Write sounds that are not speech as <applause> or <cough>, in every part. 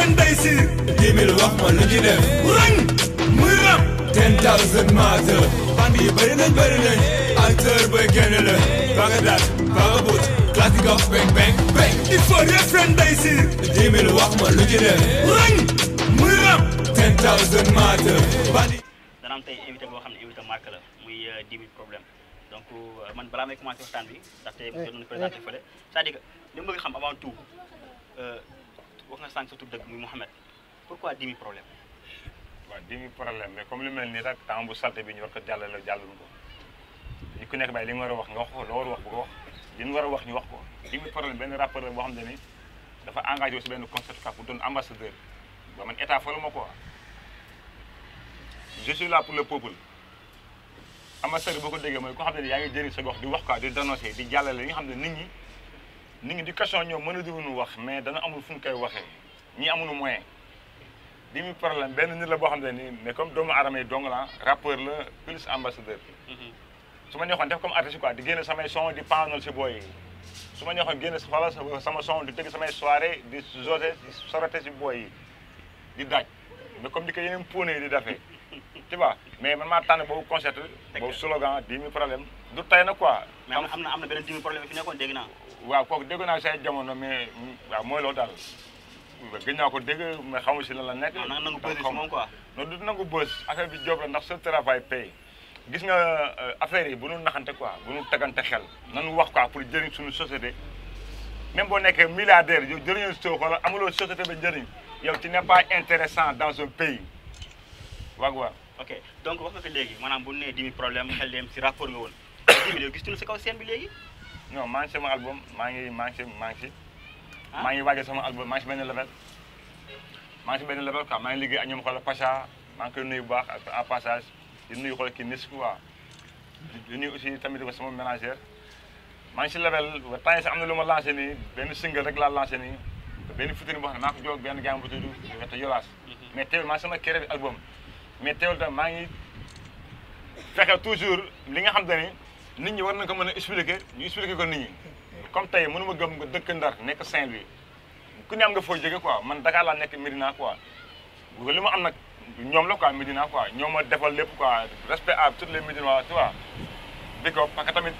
seen day siir dix mille wax ma lu ñu def rang muy rap ten thousand maata band yi bëri nañ bëri nañ acteur boy génn la Bagdad Vagabond classique of bang bang bang il faut rek seen day siir dix mille wax ma lu ñu def rang muy rap ten thousand maata band yi dana am tey invité boo xam ne invité marque la muy euh, dix mille problème donc euh, man balaa may commencé waxtaan bi ndaxte mu doon présenté fële c'est-à-dire que li mu bëgg xam avant tout euh, wax nga sànq sa tur dëkk muy Mouhamed pourquoi dix mille problème waaw dix mille problème mais comme lu mel nii rek temps bu salte bi ñu war ko jàllale jàllul ko ñu ku nekk bàyyi li war a wax nga wax ko loo war a wax bu ko wax war a wax ñu wax ko dix mille problème benn boo xam ne ni dafa engagé wu si benn concept ka pour doon ambassadeur ba ma quoi ko déggee mooy ko xam ne yaa ngi jëriñ sa gox nga xam ne nit ñi nit ñi di question ñoom mën a duñu wax mais dana amul fu ñu koy waxee ñi amuñu li muy problème benn nit la boo xam ne nii mais comme doomu arama yi dong la rappeur la plus ambassadeur su ma neexoon def comme artiste quoi di génne samay son di paanal si booy su ma neexoon génne wala sama son di tëgg samay soirée di jose di sorote si booy yi di daaj mais comme di ko yeneen pone yi di defee tu mais man maa tànn boobu concept boobu slogan dix mille du tey na quoi mais am am na beneen dix mille problème fi nekkoon waaw kooku dégg naa say jamono mais waaw mooy loolu daal gëj ko dégg mais xamu si lan la nekk. na nangu bës moom quoi. non du nangu bës bi job la ndax sa travail paye gis nga euh, affaire yi bu nu naxante quoi bu nu tegante xel nanu wax quoi pour jëriñ suñu société même boo nekkee milliardaire yow jëriñoo si wala amuloo société ba jëriñ yow tu n'es pas intéressant dans un pays waag waa ok donc wax nga fi léegi maanaam bu nee dimi problème si rapport <coughs> si kaw seen bi léegi non maa ngi sama album maa ngi maa ngi si maa ngi si. Ah? maa ngi waajal sama album maa ngi si benn label. maa ngi si benn label quoi maa ngi liggéey ak ñoom xoolal Pacha maa ngi koy nuyu bu baax ak en passage di nuyu xoolal kii Nis quoi. di nuyu aussi tamit ko sama manager. maa ngi si label ba temps sax am na lu ma lancé nii benn single rek laa lancé nii benn futuri boo xam ne maa ko jóg benn gars bu tudd Weta Jolaas. Mhm. mais teewul maa ngi sama créé album. mais teewul tam maa ngi fexe toujours li nga xam te ni nit ñi war na ko mën a expliquer ñu expliquer ko nit ñi comme tey mënuma gëm nga dëkk Ndar nekk saint bi ku ne am nga foo jóge quoi man Dakar la nekk Médina ko li ma am na ñoom la quoi Médina quoi ñoom ma defal lépp quoi respect à tous les Médinois tu vois di ko parce que tamit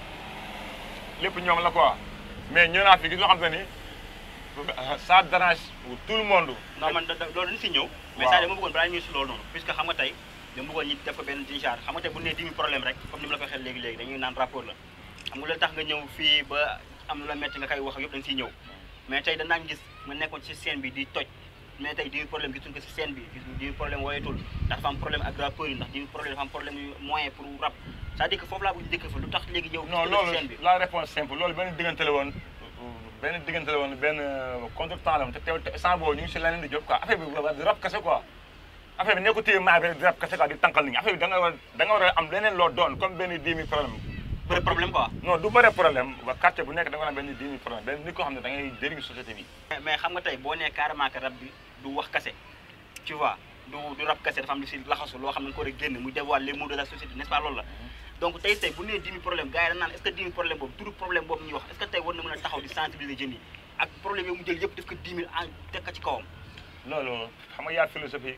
lépp ñoom la quoi mais ñëw naa fi ki loo xam ne ni ça dérange tout le monde. non man loolu dañ si ñëw. mais ça dama bëggoon balaa ñuy si loolu noonu puisque xam nga tey. dama bëggoon ñu def ko benn ci genre xam nga tey bu nee dimi problème rek comme ni mu la ko waxee léegi léegi dañuy naan rapport la xam nga loolu tax nga ñëw fii ba am lu la metti nga koy wax yëpp dañ siy ñëw mais tey danaa gis ma nekkoon ci scène bi di toj mais tey dimi problème gisuñ ko ci scène bi dimi problème wooyetul ndax dafa am problème ak rapport yi ndax dimi problème dafa am problème moyen pour rap c'est-à-dire que foofu laa bëgg dëkk fa lu tax léegi ñëw non loolu la réponse simple loolu benn diggante la woon benn diggante la woon benn euh, contre temps la woon te teew sans boobu ñu ngi si leneen di jóg quoi affaire bi rap kese quoi affaire bi nekkul téye maa bi rek kese quoi di tànqal nit ñi affaire bi da nga war da nga war a am leneen loo doon comme benn dix mille problème. bëri problème quoi. non du bëri problème ba quartier bu nekk da nga war a am benn dix mille problème benn nit koo xam ne da ngay jëriñ société bi. mais xam nga tey boo nee carrément que rab bi du wax kese tu vois du du rab kese dafa am lu si laxasu loo xam ne ko war a génn muy dévoile les maux de la société n'est-ce pas loolu la. Mm-hmm. donc tey tey bu nee dix mille problème gars yi dañ naan est-ce que dix mille problème boobu turu problème boobu ñuy wax est-ce que tey war na mën a taxaw di sensibiliser jeunes yi ak problème yi mu jël yëpp def ko dix mille en teg ko ci kawam loolu xam nga yaa philosophie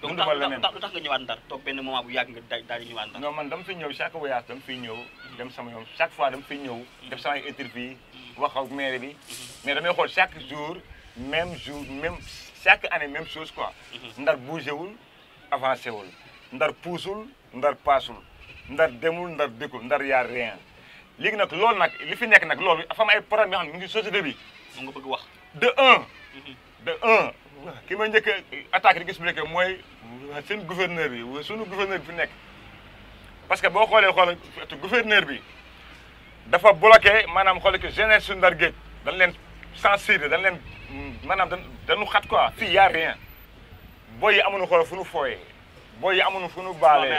donc tax lu tax nga ñëwaat ndar toog benn moment bu yàgg nga daal di ñëwaat ndar non man dama fi ñëw chaque voyage dama fiy ñëw dem sama yoon chaque fois dama fiy ñëw def samay interview mm-hmm. wax ak maire bi mm-hmm. mais damay xool chaque jour même jour même chaque année même chose quoi mm-hmm. ndar bougé wul avancé wul ndar puusul ndar paasul ndar demul ndar dëkkul ndar yaa rien léegi nag loolu nag li fi nekk nag loolu dafa am ay problème yoo xam ne mu ngi société bi. mu nga bëgg wax. de un. de un ki ma njëkk attaque di expliqué mooy seen gouverneur bi sunu gouverneur bi fi nekk parce que boo xoolee xool gouverneur bi dafa bloqué maanaam xool que jeunesse su Ndar Géej dañ leen censuré dañ leen maanaam dañu xat quoi fii y a rien booy yi amuñu xool fu nu fooyee booy yi amuñu fu nu baalee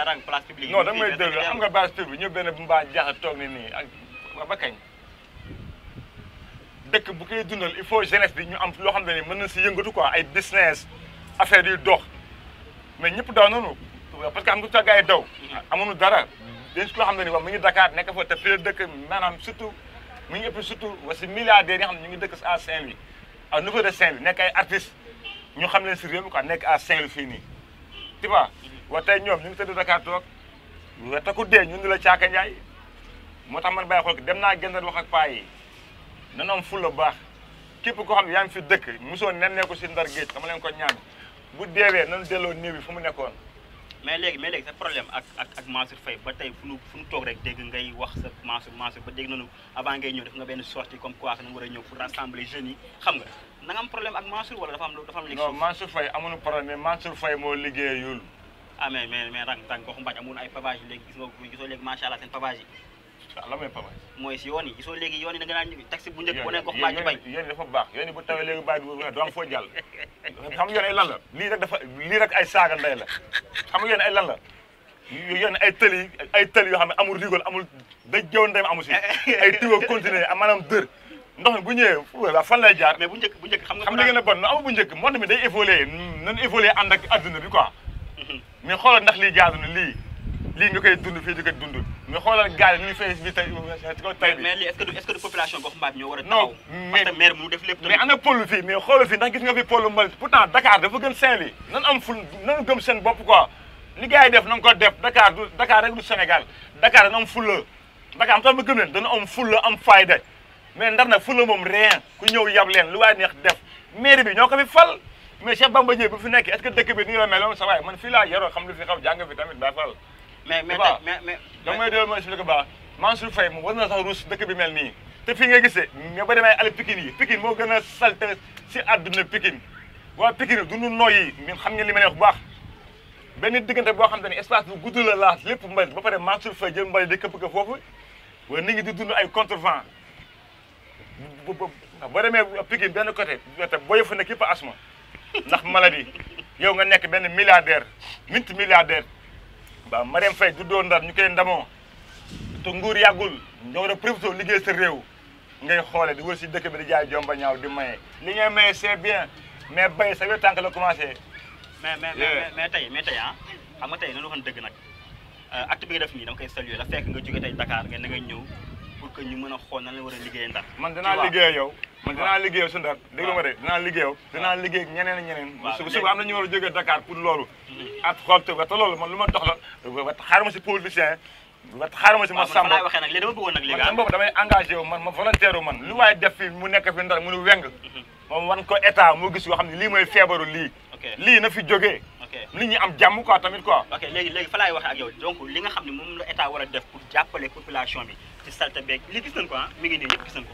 non da may déglu am nga place publique ñëw benn mbaa jaaxa toog ne nii ak ba dëkk bu koy dundal il faut jeunesse bi ñu am loo xam ne mën na si yëngatu ko ay business affaire yu dox mais ñëpp daw noonu parce que am nga tàggaay daw amuñu dara dañ si loo xam ne ni wax mu ngi Dakar nekk fa te fii dëkk maanaam surtout mu ngi ëpp surtout wasi milliardaires yi xam ne ñu ngi dëkk à Saint-Louis à niveau de Saint-Louis nekk ay artistes ñu xam leen si réew mi quoi nekk à Saint-Louis fii nii tu vois wa te ñoom ñu ngi tëdd Dakar toog wa ku dee ñu ni la caaka njaay moo tax man bàyyi xool dem naa gën a wax ak paa dana am fulla baax képp ko xam yaa ngi fi dëkk mosoo nen ne ko si ndar géej dama leen ko ñaan bu deewee nañu delloo néew bi fu mu nekkoon mais léegi mais léegi sa problème ak ak ak Mansour ba tey fu nu toog rek dégg ngay wax sa Mansour Mansour ba dégg nañu avant ngay ñëw def nga benn sortie comme quoi que na war a ñëw xam nga na problème ak Mansour wala dafa am dafa am léegi non Mansour Faye amuñu problème mais Mansour moo liggéeyul ah mais mooy si yoon yi gisoo léegi yoon yi da nga bu njëkk bu ne gox baa ci bay yoon yi bu tawee léegi bàyyi bi doo am xam yoon lan la lii rek dafa lii rek ay saaga ndey la xam yoon ay lan la yoon ay tëli ay tëli yoo xam ne amul rigol amul da jëw ndem amul si ay tiwo continuer a maanaam dër ndox mi bu ñëwee voilà fan lay jaar mais bu njëkk bu njëkk xam nga xam nga gën a bon amul bu njëkk monde mi day évoluer nan évoluer ànd ak adduna bi quoi mhm. mais xoola ndax lii jaadu na lii lii nga koy dund fii di ko dund nga xoolal gaal yi nu ñu fay bi tey tey bi mais lii est-ce que du population gox mbaat ñoo war a taxaw mu def lépp mais ana pôle fii mais xoolal fii ndax gis nga fi pôle mbalit pourtant Dakar dafa gën Saint-Louis nan am ful nan gëm seen bopp quoi li gars def na ko def Dakar du Dakar rek du Sénégal Dakar dana am fulla Dakar am tax ma gëm leen dana am fulla am fayda mais ndar nag fulla moom rien ku ñëw yab leen lu waay neex def maire bi ñoo ko fi fal mais Cheikh Bamba Dièye bu fi nekk est-ce que dëkk bi ni la meloon sa waay man fii mais mais mais mais da may déglu ma expliqué baax Mansour Faye moom war na sax ruus dëkk bi mel nii te fii nga gisee nga ba demee ale Pikine yi Pikine moo gën a salte si àdduna Pikine waa Pikine dundu nooy yi ñun xam ngeen li ma ne wax bu baax benn diggante boo xam te ne espace bu gudd la laas lépp mbalit ba pare Mansour Faye jël mbalit di këpp ko foofu wala nit ñi di dund ay contrevent boo demee Pikine benn côté boo yëfu nekk yëpp asma ndax maladie yow nga nekk benn milliardaire minti milliardaire waaw Marième Faye juddoo Ndar ñu koy ndamoo te nguur yàggul nga war liggéey sa réew ngay xoole di wër si dëkk bi di jaay jomba ñaaw di maye li ngay maye c'est bien mais bay sa wér tànk la commencé mais mais mais tey mais tey ah xam nga tey noonu waxoon dëgg nag euh, acte bi nga def nii dama koy saluer la fekk nga jóge tey Dakar nga na nga ñëw pour que ñu mën a xool na la war a liggéeye Ndar man dinaa liggéey yow man dinaa ma de dinaa liggéeyal dinaa liggéey ak ñeneen ak ñeneen su suba am na ñu war a jógee Dakar pour loolu mm-hmm. at xool te te loolu man lu ma dox la wa xaar ma si politicien wa xaar ma si ma sàmm man boobu ah. damay engagé wu man ma volontaire wu man lu waaye def fi mu nekk fi ndar mu weng mm-hmm. moom wan ko état mu gis yoo xam ne lii mooy feebaru lii lii na fi jógee nit ñi am jàmm quoi tamit quoi ok léegi léegi fa laay waxee ak yow nga xam ne moom la état war a def pour jàppale population bi ci salte beeg ko ah, mi ngi nii yëpp ko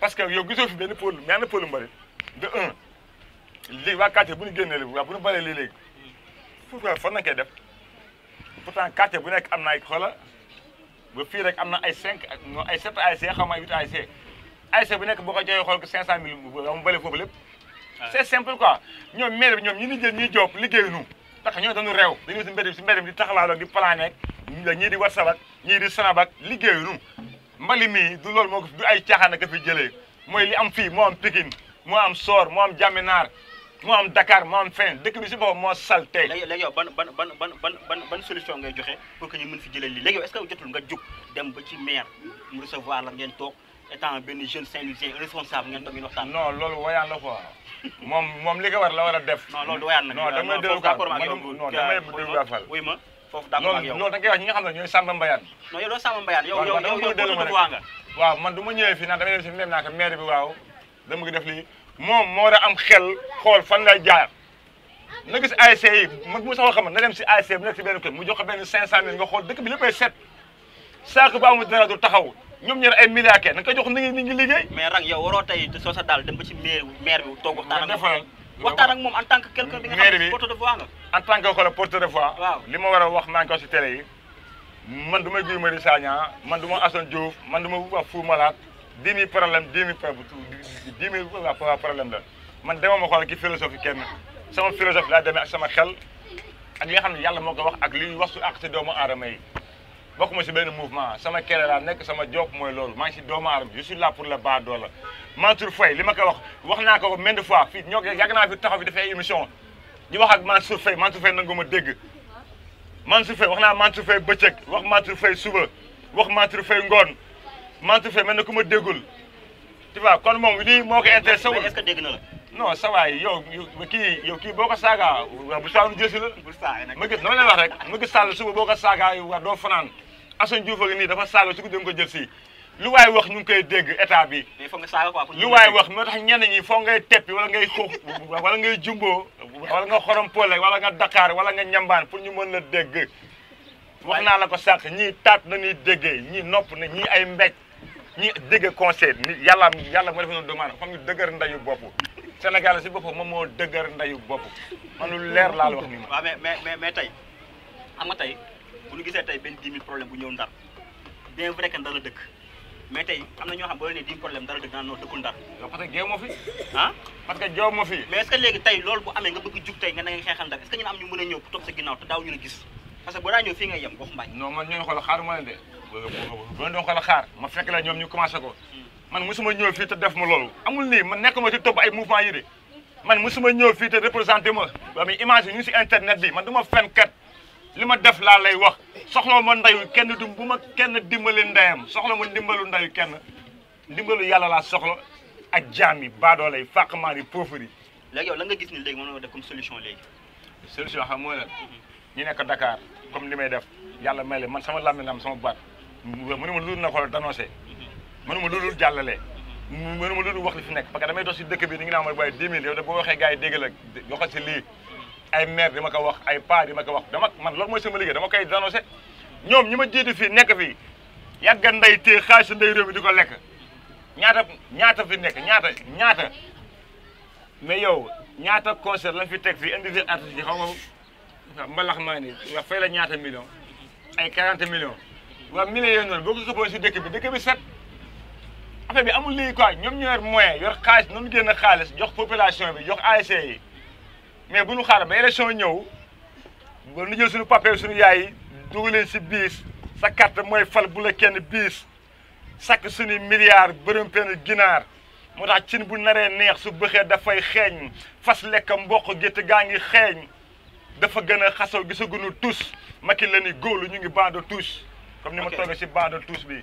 parce que yow gisoo fi benn pôle ñaari pôle mbari de un léegi waa quartier bu ñu génnee léegi waa bu ñu balee lii léegi pourquoi fan na koy def pourtant quartier bu nekk am na ay xoola ba fii rek am na ay cinq non ay sept ASC xaw bu nekk boo ko joxee xool ko cinq cent mille mu bale foofu lépp c'est simple quoi ñoom maire bi ñoom ñi ni jël ñuy joob liggéeyuñu tax ñoo dañu réew dañu si mbedd si mbedd di taxawaaloo di plané ak ñii di whatsapp ak ñii di snap ak liggéeyuñu mbali mii du loolu moo ko du ay caaxaan ak fi jëlee mooy li am fii moo am Pikine moo am Sor moo am Jaminaar moo am Dakar moo am fenn dëkk bi si boppam moo salté. léegi yow ban ban ban ban ban solution ngay joxe pour que ñu mën fi jëlee lii léegi yow est-ce que jotul nga jóg dem ba ci maire toog benn jeune Saint-Louisien responsable ngeen toog ngeen waxtaan. non loolu la quoi. moom moom li ko war la war a def. non loolu woyaan la. non damay déglu quoi non damay déglu quoi. foofu d'accord ak yow non da ngay wax ñi nga xam ne ñooy Samba Mbayaan waaw man du ma ñëwee fii nag damay dem si nem bi waaw dama ngi def lii moom moo war a am xel xool fan lay jaar na gis ASC yi man na dem si ASC nekk si benn kër mu jox benn cinq cent nga xool dëkk bi léppay set saako ba amul dara du taxaw ñoom ñooy ay milliards na nga jox ni ngi ni ngi liggéey mais rang yow waroo soo sa daal dem ba ci maire maire bi toog waxtaan ak waxtaan ak moom en tant que quelqu'un bi nga xam ne porte de voix nga en tant que xoolal de voix li ma war a wax maa ngi ko si télé yi man du ma Guy Marius Sagna man du ma Assane Diouf man du ma wax Fou Malade dix mille problème dix mille dix mille waa problème la man dama ma xool ki philosophie kenn sama philosophie laa demee ak sama xel ak li xam ne yàlla moo ko wax ak li wax su ak doomu aadama yi bokkuma si benn mouvement sama kere laa nekk sama job mooy lool man ngi si doomu aadama je suis là pour le badoola Mansour Faye li ma koy wax wax naa ko maintes fois fii ñoo yàgg naa fi taxaw fi dafay émission di wax ak Mansour Faye Mansour Faye nangu ma dégg Mansour Faye wax naa Mansour Faye bëccëg wax Mansour Faye suba wax Mansour Faye ngoon Mansour Faye mel na ku ma déggul tu vois kon moom lii moo ko intéressé wul. est-ce que dégg na la. yow kii yow kii boo ko saaga bu saanu jësi la. bu saay nag ma gis noonu la wax rek ma gis Sall suba boo ko saaga fanaan. Assane Diouf ak nii dafa saaga su ko doon ko jël si lu waaye wax ñu ngi koy dégg état bi. mais foog nga saaga lu waaye wax moo tax ñenn ñi foog ngay teppi wala ngay xóox wala ngay jumbo wala nga xorom pole wala nga Dakar wala nga ñambaan pour ñu mën la dégg. wax naa la ko sànq ñii taat nañuy déggee ñii nopp na ñi ay mbéj ñii dégg conseil ni yàlla yàlla moo def noonu demande xam nga dëgër ndayu bopp Sénégal si boppam moom moo dëgër ndayu bopp man lu leer laa la wax ni ma. waaw mais mais mais tey am nga tey bu ñu gisee tey benn 10 problème bu ñëw ndar bien vrai que ndar la dëkk mais tey am na ñoo xam boo leen ne 10 problème ndar la dëkk naan noo dëkkul ndar. parce que géew fi. ah parce que géew fi. mais est léegi tey loolu bu amee nga bëgg jug tey nga ne xeexal ndar est ce que ñu am ñu topp sa ginnaaw te de. man mosuma ñëw ma ñëw fii te représenté ma ba muy image yi si internet bi man du ma fenkat li ma def laa lay wax soxla ma ndeyu kenn dum bu ma kenn dimbali ndeyam soxla ma ndimbalu ndeyu kenn ndimbalu yàlla laa soxla ak jaam yi baadoo lay fàqmaan yi pauvre yi. léegi yow la nga gis ni léegi moom def comme solution léegi. solution xam mooy lan ñu nekk Dakar comme li may def yàlla may man sama làmmiñ am sama baat mënu ma ludul na ko dénoncé mënu ma ludul jàllale mënu ma ludul wax li fi nekk parce que damay dox dëkk bi ni naa ma bàyyi 10 000 yow waxee gars yi dégg si lii ay mère di ko wax ay pa di ko wax dama man loolu moy sama liggéey dama koy dénoncé ñom ñima ma fi nek fi fii yàgga nday téye xaalis nday réew mi diko lek ñaata ñaata fi nek ñaata ñaata mais yow ñaata concert lañ fi teg fi indi fi artiste yi xaw ma mbalax maa ni wax fay la ñaata million ay 40 millions waaw millions yooyu noonu boo ko supposé dëkk bi dëkk bi set affaire bi amul li quoi ñom ñu yor moyen yor xaalis ñu génn xaaliss jox population bi jox ASC e yi mais bu ñu xaar ba élection ñëw ba nu suñu papier suñu yaay dugg leen si biis sa carte mooy fal bu la kenn biis sakk suñu milliard bërëm penn ginaar moo tax cin bu naree neex su bëxee dafay xeeñ fas lekk mboq gétt gaa ngi xeeñ dafa gën a xasaw gisaguñu tous Macky la ni lu ñu ngi baado tous comme ni ma toogee si baado tous bi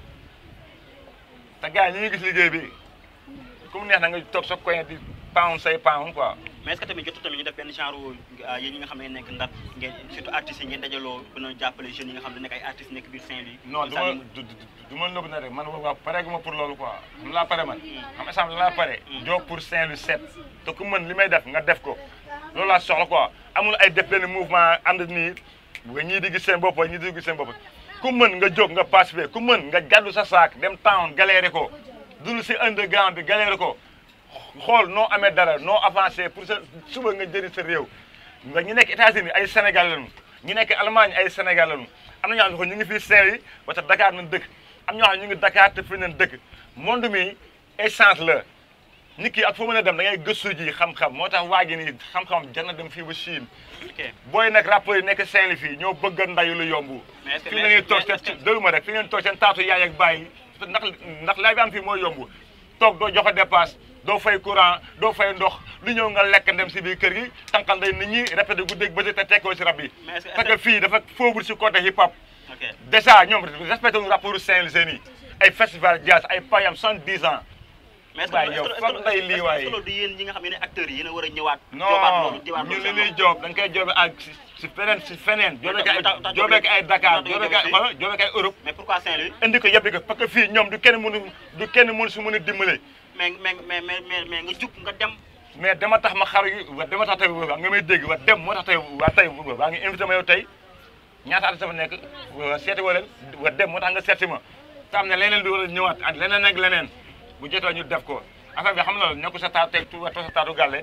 te gars yi ñu ngi gis liggéey bi ku neex na nga toog sa coin di pound say pound quoi. mais tamit jotul tamit ñu def benn genre euh, yéen ñi nga xam ne nekk ndax surtout artistes yi ngeen dajaloo gën a jàppale nga xam ne nekk ay artistes nekk biir Saint-Louis. non du ma du ma nëbb na rek man waa pare gu ma pour loolu quoi. xam laa pare man. Mm. xam pare. Mm. jóg pour Saint-Louis set. te ku li may def nga def ko. loolu laa soxla quoi amul ay def benn mouvement ànd nii. bu nga ñii di gis seen bopp ñii di gis seen bopp ku mën nga jóg nga participer ku mën nga gàddu sa saak dem town galéré ko dund si underground bi galéré ko xool noo amee dara noo avancé pour sa suba nga jëriñ sa réew nga ñu nekk États-Unis ay Sénégal lañu ñu nekk Allemagne ay Sénégal lañu am na ñoo xam ne ñu ngi fi seer yi parce que Dakar nañ dëkk am ñoo ñu ngi Dakar te fii nañ dëkk monde mi échange la Niki ak fo a dem da ngay gëstu ji xam-xam motax xam-xam dem fi ba Chine. saint ñoo bëgg a lu yombu fi la ngay deuluma rek fi yaay ak ndax ndax bi am fi joxe dépasse courant do fay ndox lu ñew nga lekk dem si biir kër gi tankal day nit ñi répéter ak de si vous parce que fi dafa si côté hip hop. déjà ñom respecté saint ay festival jazz ay payam ans waaye yow fan lay lii waaye mais du yéen ñi nga xam ne acteurs yi yéen a war a ñëwaat. joobaat loolu ñu li ñuy joob da nga koy joobe ak si feneen si feneen. joobe ay joobe ay Dakar joobe ay Europe. mais pourquoi Saint-Louis. fii ñoom du kenn mënu du kenn mënu si a dimbale. mais mais mais mais nga jug nga dem. mais dama tax ma xar yu wa dama tax tey waa nga may dégg wa dem moo tax tey waa tey waa a invité ma yow tey ñaata wa dem moo tax nga seeti ma. te am na leneen du war a ñëwaat a leneen ak leneen bu jotee ñu def ko a bi xam na ñoo ko sa taatu teg tu sa taatu gàlle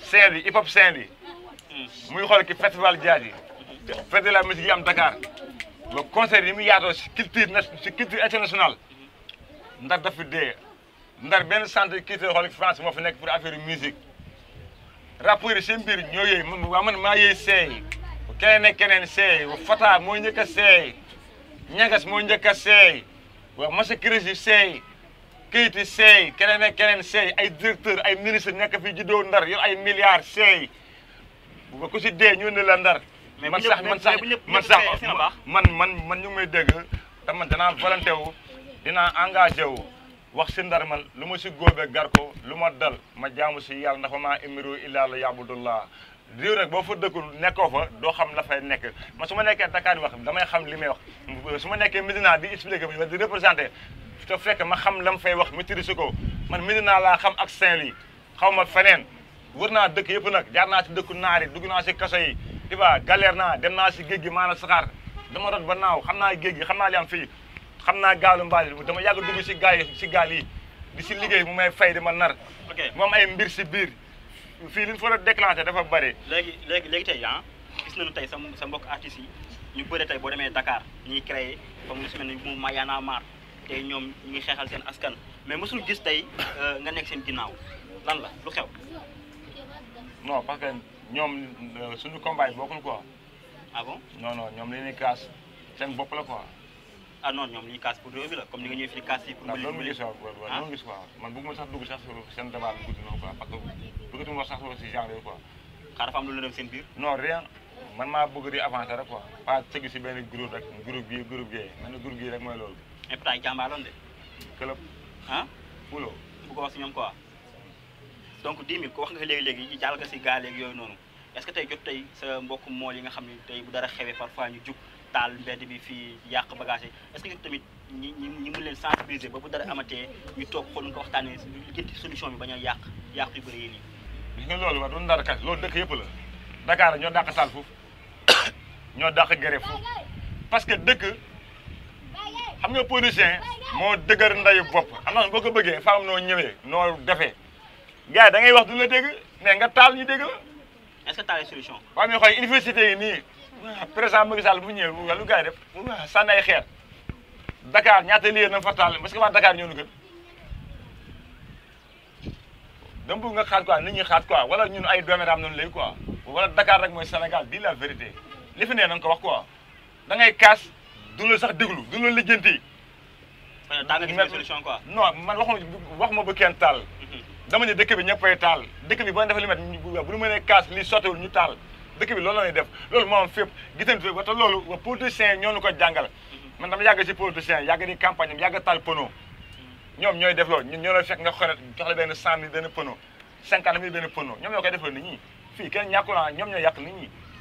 scène yi hip hop scène yi muy xool ki festival jazz yi de la musique yi am Dakar ba concert yi mu yaatoo si culture si culture internationale ndar daf fi dee ndar benn centre culture xool France moo fi nekk pour affaire musique rappeurs yi seen biir ñoo yëy man waa maa yëy seey keneen ak keneen seey wa Fata moo njëkk a seey moo njëkk a seey waa Massa Cris yi kayit yi seey keneen ak keneen seey ay directeur ay ministre nekk fi juddoo ndar yor ay milliards seey ba ku si dee ñu ne la ndar. man sax man sax man sax man man man ñu ngi may dégg te man danaa volonté wu dinaa engagé wu wax si ndar man lu ma si góobee gar lu ma dal ma jaamu si yàlla ndax ma imiru illaa la ya yaabudullah réew rek boo fa dëkkul nekkoo fa doo xam la fay nekk man su ma nekkee Dakar wax damay xam li may wax su ma nekkee Medina di expliqué di représenté. te fekk ma xam lam fay wax maîtriser ko man naa laa xam ak Saint-Louis xaw ma feneen wër naa dëkk yëpp nag jaar naa ci dëkku naar yi dugg naa si kaso yi tu vois naa dem naa si géej gi maanaam saxaar dama rot ba naaw xam naa géej gi xam naa li am fii xam naa gaalu mbaali dama yàgg dugg ci gaal yi ci gaal yi di si liggéey mu may fay di ma nar moom ay mbir ci biir fii li ñu fa a déclenché dafa bëri léegi léegi léegi tey ah gis tey sa sa mbokk artistes yi ñu bëri tey boo demee Dakar ñuy créé comme lu si mel tey ñoom ñu ngi xeexal seen askan mais mosul gis tey euh, nga nekk seen ginnaaw lan la lu xew. non parce ñoom euh, suñu combat yi bokkul quoi. ah bon ñoom li ñuy kaas seen bopp la quoi. ah non ñoom li ñuy kaas pour réew mi la comme ni nga ñëwee fii kaas yi. pour loolu mu gis waaw loolu mu ah? gis quoi man bëgguma sax sax seen sax si genre yooyu quoi. xaaral dafa am lu la seen biir. non rien man maa bëgg di avancer rek quoi. pas tegu si benn groupe rek groupe bii groupe yee man groupe bii rek mooy loolu. Epta jàmbaaroon de. club ah. Mbulo bu ko wax si ñoom quoi. donc 10 ko wax nga léegi-léegi yi jàll si gaa léegi yooyu noonu est-ce que tey jot tey sa mbokku mool yi nga xam ne tey bu dara xewee parfois ñu jug taal mbedd bi fii yàq bagage yi est-ce que tamit ñi ñi ñi mën leen sensibiliser ba bu dara amatee ñu toog xool nga ko waxtaanee liggéeyanti solution bi bañ a yàq yàq yu bëri yi nii. gis loolu wax doon dara kat loolu dëkk yëpp la Dakar ñoo dàq taal foofu <coughs> ñoo dàq gere foofu parce xam nga politicien moo dëgër nday bopp am na boo ko bëggee faa noo ñëwee noo defee gars yi da ngay wax du la dégg mais nga taal ñu dégg la. est-ce que taal solution. waaw mais xool université yi nii président Macky Sall bu ñëwee wala lu gars yi def sànni ay xeer Dakar ñaata lieu na fa taal parce que waa Dakar ñoo ñu gën bëgg nga xaat quoi nit ñi xaat quoi wala ñun ay dooméram noonu léegi quoi wala Dakar rek mooy Sénégal di la vérité li nee na ko wax quoi kaas. du la sax déglu du la lijjanti. man daa nga gis solution quoi. wax ma bu kenn taal. Mhm. dama ne dëkk bi ñëppay taal dëkk bi boo li met bu ñu mënee kaas li sottiwul ñu taal dëkk bi loolu def loolu moo am fépp gisante ba te loolu wa politicien ñoo ñu ko jàngal. Mhm. man dama yàgg ci politicien yàgg di campagne am yàgg taal pono. Mhm. ñoom ñooy def loolu ñun ñoo la fekk nga xonet jox la benn cent mille benn pono cinquante mille benn pono def loolu nit ñi fii kenn ñàkkul ah, ñoom ñoo yàq nit ñi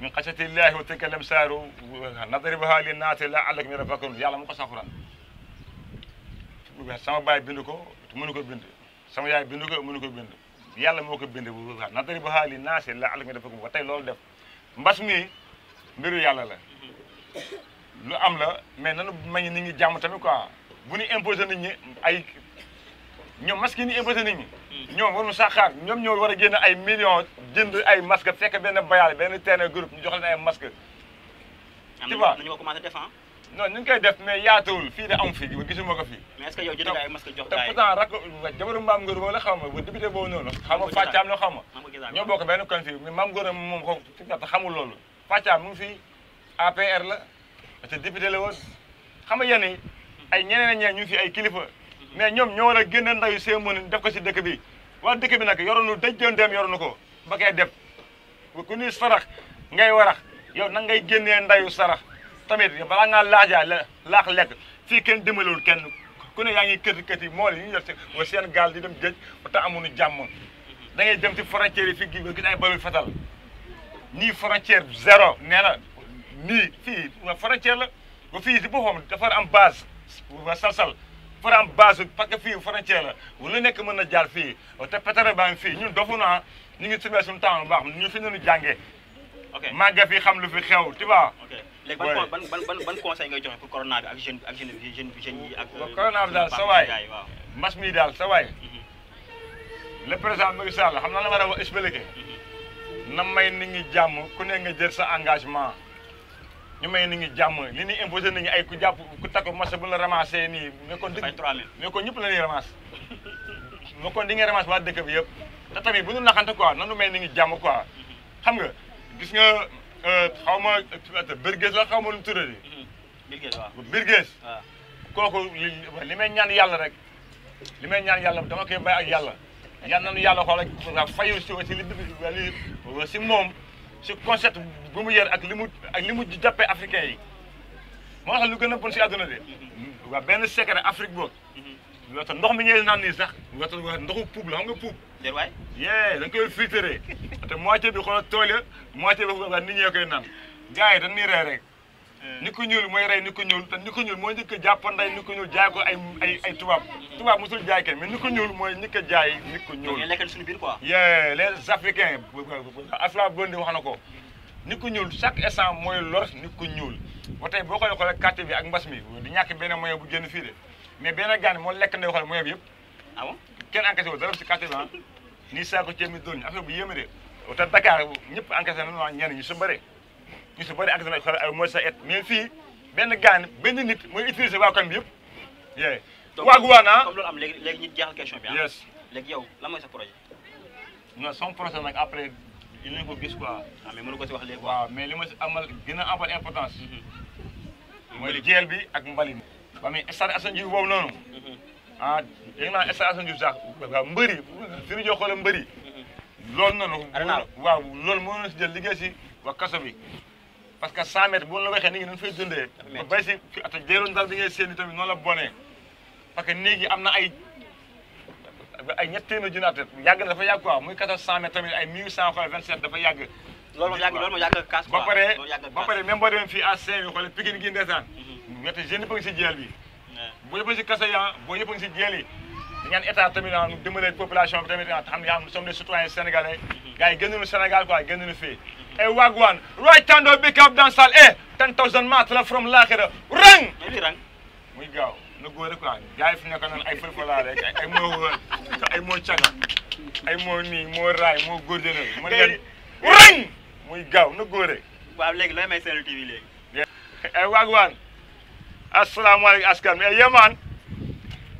من قسة الله وتكلم سارو ونضربها للناس لعلك من رفاقهم يلا مو قصه فران سما باي بندكو تمنكو بند سما ياي بندكو منكو بند يلا موكو بند نضربها للناس لعلك من رفاقهم وتاي لول ديف مباس مي ميرو يلا لا لو ام لا مي نانو ماني نيغي جام تامي كو بوني امبوزي نيت ني اي ñom maskini imposé nit ñi ñom wonu saxar ñom ñoo wara génn ay millions jënd ay masque fekk benn bayaal benn terrain groupe ñu jox leen ay masque tu vois nañu ko commencé def ah? non ñu ngi koy def mais yaatuwul fii de am fi gisuma ko fii mais est-ce que yow jënd nga ay masque jox te pourtant rak jabaru maam ngor wala xaw ma bu député boobu noonu xaw ma fàccaam la xaw ma ñoo bokk benn kon fii mais maam ngor moom ko fi nga xamul loolu fàccaam mu ngi fii APR la te député la woon xam nga ay ñeneen ñeneen ñu fi ay kilifa mhm. mais ñoom ñoo war a génne ndaw yu seen mën def ko si dëkk bi waa dëkk bi nag yoroonu dëj doon dem yoroonu ko ba koy def bu ku ñuy sarax ngay warax yow na ngay génnee ndayu sarax tamit balaa ngaa laajaa la laax lekk fii kenn dimbalewul kenn ku ne yaa ngi kër kër yi moo li ñu def si seen gaal di dem géej ba tax amuñu jàmm da ngay dem si frontière yi fii gi gis ay balu fetal nii frontière zéro nee na nii fii frontière la ba fii si boppam dafa am base ba salsal dafa am base parce que fii frontière la lu nekk mën na jaar fii te pétrole baa ngi fii ñun dofu naa ah. ñu ngi subee sun temps bu baax ñu fi ñu jàngee. ok màgge fi xam lu fi xew tu vois. ok léegi ban ban ban ban conseil ngay joxe pour corona bi ak jeune ak jeune bi jeune yi ak. corona bi daal sa way mas mi dal sa way mhm. le président Macky Sall xam na la wara expliquer mhm. na may ni ngi jamm ku ne nga jël sa engagement. ñu may ni ngi jamm li ni imposer ni ay ku japp ku takku marché bu la ramasser ni mais kon dëgg mais kon ñëpp la ni ramasse. mo kon di nga ramasse waa dëkk bi yëpp. te tamit bu ñu naxante quoi nanu mel ni ngi jàmm quoi xam nga gis nga euh, xaw ma birgees la xaw ma lu mu tuddati. birgees waaw birgees. li li may ñaan yàlla rek li may ñaan yàlla dama koy bay ak yàlla yal nañu yàlla xool ak fayu si aussi li li si moom si concept bu mu yer ak li mu ak li mu jàppee africain yi moo tax lu gën a bon si àdduna de. Mm-hmm. waa benn secret Afrique boobu. Mm-hmm. ndox mi ñëwee naan nii sax ndoxu puub la xam nga puub. déet waay. yee dañ koy filtré te moitié bi xoolal tool ya moitié bi xoolal nit ñee koy naan gars yi dañ ni rey rek. Eh. ni ko ñuul mooy rey ni ko ñuul te ni ko ñuul mooy njëkk a jàppanday ni ko ñuul jaay ko ay ay ay tubaab tubaab mosul jaay kenn mais ni ko ñuul mooy njëkk a jaay ni ko ñuul. donc lekkal suñu biir quoi. yee les africains Afla Bondi wax na ko ni ko ñuul chaque instant mooy lor ni ko ñuul ba tey boo xoolee xoolee carte bi ak mbas mi di ñàkk benn moyen bu génn fii de mais benn gaan moo lekk ndey xool moyen bi yëpp ah bon kenn encaissé wu dara si quartier bi ah. nii saako ceeb mi dóor ñu affaire bu yéeme de te Dakar ñëpp encaissé nañu ah ñenn ñu su bëri ñu su bëri encaissé nañu xool ay mooy sa et mais fii benn gaan benn nit mooy utiliser waa koñ bi yëpp yee waagu waa naa ah. comme loolu ah. yes léegi yow nag après dinañ ko si wax léegi mais li ma si amal gën a amal importance mm-hmm. mooy jeel bi ak mbalim ba muy stade Assane Diouf boobu noonu mm-hmm. yéen a naan station d'urgence sax waaw mbëri suñu jox xoolal mbëri loolu noonu waaw loolu mënoon na si jël liggéey si waa kaso bi parce que 100 mètres bu la waxee ni ñi dañu fay dundee ba bay si fi la bonee parce que néeg yi am na ay ay ñett téeméer junni at yàgg na dafa yàgg quoi muy 400 mètres tamit ay 1127 dafa yàgg loolu moom yàgg loolu moom ba pare ba pare même boo demee fii à Saint mhm. ñetti jeune yëpp ngi si jeel bi ah, boo yëpp a si kaso ya boo yëpp ngi si jeel di ñaan état tamit ah dimbale population bi tamit ah xam nga nous sommes des citoyens sénégalais mm-hmm. gars yi génnuñu Sénégal quoi génnuñu fii. e wagwan roy tando big up dansal e eh, ten thousand matra from lakhira rang rang muy gaaw na góor quoi gars yi fi nekk naan ay fëlfëlaale rek ay moo wër ay moo caga ay moo nii moo raay moo góor de la mën leen rang muy gaaw na góor waaw léegi looy may Sen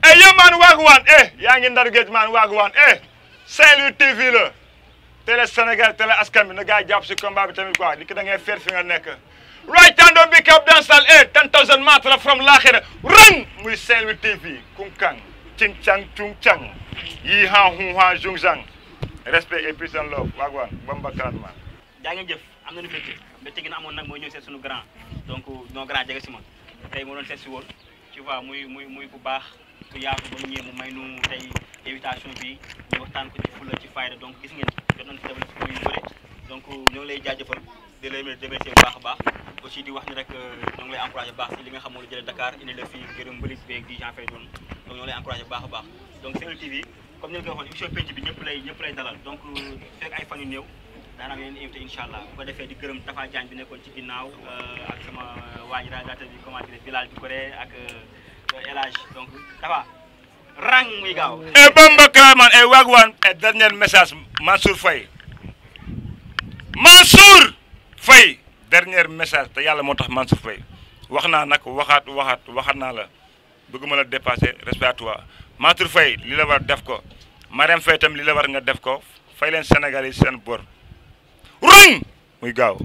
e eh, yo maan waagu waan e eh, yaa ngi ndar géej maan waagu waan e eh, Saint-Louis TV la télé Sénégal télé askan bi na gaa yi jàpp si combat bi tamit quoi li ki da ngay feer fi nga nekk right hand on big up dancehall e ten thousand metres from laaxira rang muy Saint-Louis TV kunkang cing cang cung cang yii han hun han jung jang respect et peace and love waagu waan bamba karan maan jaa ngeen jëf am nañu mbégte mbégte gi na amoon nag mooy ñëw seet suñu grand donc non grand jege si man tey moo doon seet si woon tu vois muy muy muy bu baax bu yaatu ba mu ñëwee mu may nu tey invitation bi ñu waxtaan ko ci fulla ci fayda donc gis ngeen jot nañ ci tamit yu ñoo lay jaajëfal di lay remercier bu baax a baax aussi di wax ni rek euh, ñoo lay encouragé baax li nga xam moo la jëlee Dakar indi la fii gërëm mbalit doon donc baax a baax donc Sahel TV comme ni nga ko ñëpp lay ñëpp lay dalal donc euh, fekk ay fan yu néew allah bu defee di gërëm Tafa Diagne bi nekkoon ci ginnaaw euh, ak sama waaji réalisateur bi comment dire Bilal Doucouré ak e Bamba Kalaman e Wagwan e dernier message Mansour Faye Mansour Faye dernier message te yàlla moo tax Mansour Faye wax naa nag waxaat waxaat waxaat naa la bëgguma la dépasser respect à toi Mansour li la war def ko Marème Faye tam li la war nga def ko fay leen Sénégal seen bor rang muy gaaw